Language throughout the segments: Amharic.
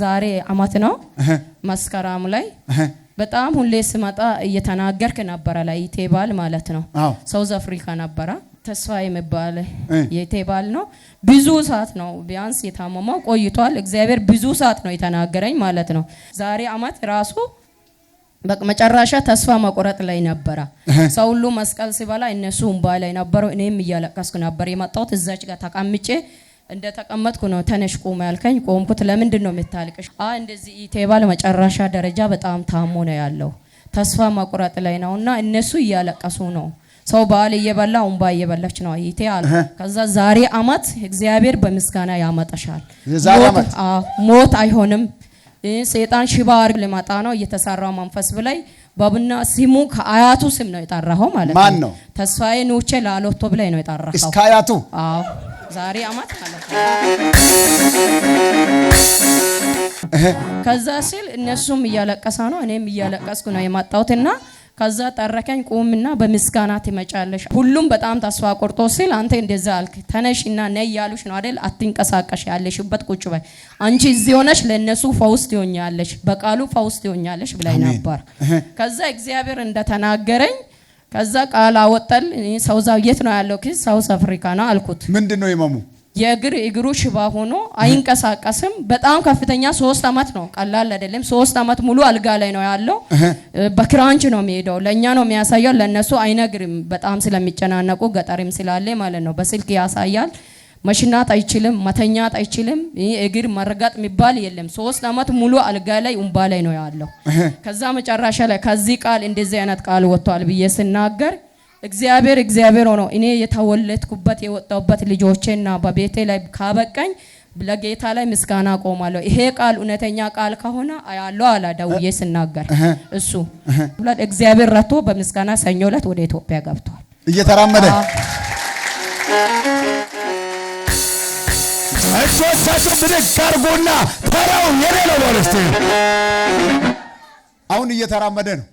ዛሬ አማት ነው መስከረም ላይ በጣም ሁሌ ስመጣ እየተናገርክ ነበረ። ላይ ቴባል ማለት ነው ሳውዝ አፍሪካ ነበረ። ተስፋ የሚባል የቴባል ነው። ብዙ ሰዓት ነው ቢያንስ የታመመው ቆይቷል። እግዚአብሔር ብዙ ሰዓት ነው የተናገረኝ ማለት ነው። ዛሬ አመት ራሱ መጨረሻ ተስፋ መቁረጥ ላይ ነበረ። ሰው ሁሉ መስቀል ሲበላ እነሱ እምባ ላይ ነበረው። እኔም እያለቀስኩ ነበር የመጣሁት እዛች ጋር ተቀምጬ እንደ ተቀመጥኩ ነው ተነሽ ቁም ያልከኝ። ቆምኩት። ለምንድን ነው የምታልቅሽ? አ እንደዚህ ኢቴባል መጨረሻ ደረጃ በጣም ታሞ ነው ያለው። ተስፋ መቁረጥ ላይ ነውና እነሱ እያለቀሱ ነው። ሰው በዓል እየበላ እንባ እየበላች ነው ይቴ አለ። ከዛ ዛሬ አመት እግዚአብሔር በምስጋና ያመጣሻል። ሞት አይሆንም። ሰይጣን ሽባ አርግ ልማጣ ነው እየተሰራው መንፈስ ብላይ ባቡና ሲሙ ከአያቱ ስም ነው የጠራኸው ማለት ነው። ተስፋዬ ኑቼ ላሎቶ ብላይ ነው የጠራኸው እስከ አያቱ። አዎ ዛሬ አማት ማለት ነው። ከዛ ሲል እነሱም እያለቀሳ ነው እኔም እያለቀስኩ ነው የማጣሁትና ከዛ ጠረከኝ። ቁምና በምስጋና ትመጫለሽ። ሁሉም በጣም ተስፋ ቆርጦ ሲል አንተ እንደዛ አልክ፣ ተነሽ ነይ ያሉሽ ነው አይደል? አትንቀሳቀሽ፣ ያለሽበት ቁጭ በይ። አንቺ እዚህ ሆነሽ ለነሱ ፈውስ ትሆኛለሽ፣ በቃሉ ፈውስ ትሆኛለሽ ብላይ ነበር። ከዛ እግዚአብሔር እንደተናገረኝ ከዛ ቃል አወጣል። ሰው የት ነው ያለው? ኪስ ሳውዝ አፍሪካ ነው አልኩት። ምንድን ነው የመሙ የእግር እግሩ ሽባ ሆኖ አይንቀሳቀስም። በጣም ከፍተኛ ሶስት አመት ነው፣ ቀላል አይደለም። ሶስት አመት ሙሉ አልጋ ላይ ነው ያለው። በክራንች ነው የሚሄደው። ለእኛ ነው የሚያሳየው፣ ለእነሱ አይነግርም። በጣም ስለሚጨናነቁ ገጠርም ስላለ ማለት ነው በስልክ ያሳያል። መሽናት አይችልም፣ መተኛት አይችልም። እግር መረጋጥ የሚባል የለም። ሶስት አመት ሙሉ አልጋ ላይ ኡምባ ላይ ነው ያለው። ከዛ መጨረሻ ላይ ከዚህ ቃል እንደዚህ አይነት ቃል ወጥቷል ብዬ ስናገር እግዚአብሔር እግዚአብሔር ሆኖ እኔ የተወለድኩበት የወጣሁበት ልጆቼና በቤቴ ላይ ካበቃኝ ለጌታ ላይ ምስጋና ቆማለሁ። ይሄ ቃል እውነተኛ ቃል ከሆነ አያለሁ አላ ደውዬ ስናገር እሱ እግዚአብሔር ረቶ በምስጋና ሰኞ ዕለት ወደ ኢትዮጵያ ገብቷል እየተራመደ እጆቻችሁ ብድግ አድርጉና ተራው የኔ ነው አሁን እየተራመደ ነው።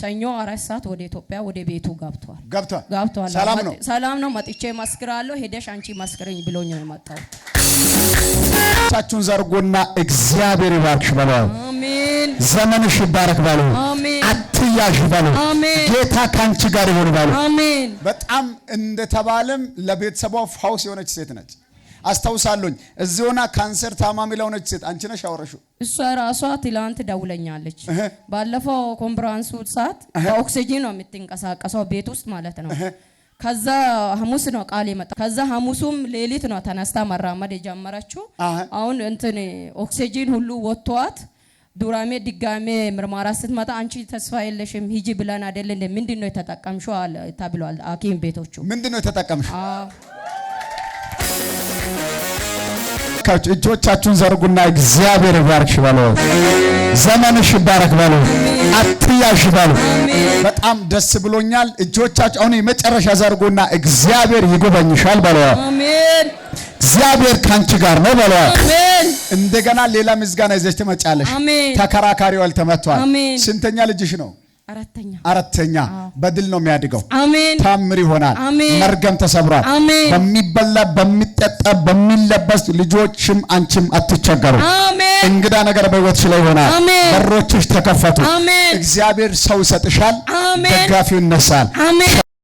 ሰኞ አራት ሰዓት ወደ ኢትዮጵያ ወደ ቤቱ ገብቷል። ገብቷል ገብቷል። ሰላም ነው ሰላም ነው። መጥቼ መስክራለሁ። ሄደሽ አንቺ መስክረኝ ብሎኝ ነው የመጣው። እጆቻችሁን ዘርጎና እግዚአብሔር ይባርክሽ በለው። አሜን። ዘመንሽ ይባረክ በለው። አሜን። አትያዥ በለው። አሜን። ጌታ ካንቺ ጋር ይሆን በለው። አሜን። በጣም እንደተባለም ለቤተሰቧ ፋውስ የሆነች ሴት ነች። አስታውሳለሁኝ። እዚህ ሆና ካንሰር ታማሚ ለሆነች ሴት አንቺ ነሽ ያወራሽው። እሷ ራሷ ትላንት ደውለኛለች። ባለፈው ኮንፈረንሱ ሰዓት በኦክሲጂን ነው የምትንቀሳቀሰው ቤት ውስጥ ማለት ነው። ከዛ ሐሙስ ነው ቃል የመጣ። ከዛ ሐሙሱም ሌሊት ነው ተነስታ መራመድ የጀመረችው። አሁን እንትን ኦክሲጂን ሁሉ ወጥቷት ዱራሜ ድጋሜ ምርመራ ስትመጣ አንቺ ተስፋ የለሽም ሂጂ ብለን አይደል እንደ ምንድን ነው የተጠቀምሽው ተብሏል። ሐኪም ቤቶቹ ምንድን ነው የተጠቀምሽው? ባረካችሁ። እጆቻችሁን ዘርጉና እግዚአብሔር ይባርክሽ በሉ። ዘመንሽ ይባረክ በሉ። አትያሽ በሉ። በጣም ደስ ብሎኛል። እጆቻችሁ አሁን የመጨረሻ ዘርጉና እግዚአብሔር ይጎበኝሻል በሉ። እግዚአብሔር ካንቺ ጋር ነው በሉ። እንደገና ሌላ ምዝጋና ይዘሽ ትመጫለሽ። ተከራካሪው አልተመቷል። ስንተኛ ልጅሽ ነው? አራተኛ በድል ነው የሚያድገው። ታምር ይሆናል። መርገም ተሰብሯል። በሚበላ በሚጠጣ በሚለበስ ልጆችም አንቺም አትቸገሩ። እንግዳ ነገር በሕይወትሽ ላይ ይሆናል። በሮችሽ ተከፈቱ። እግዚአብሔር ሰው ይሰጥሻል። ደጋፊው ይነሳል።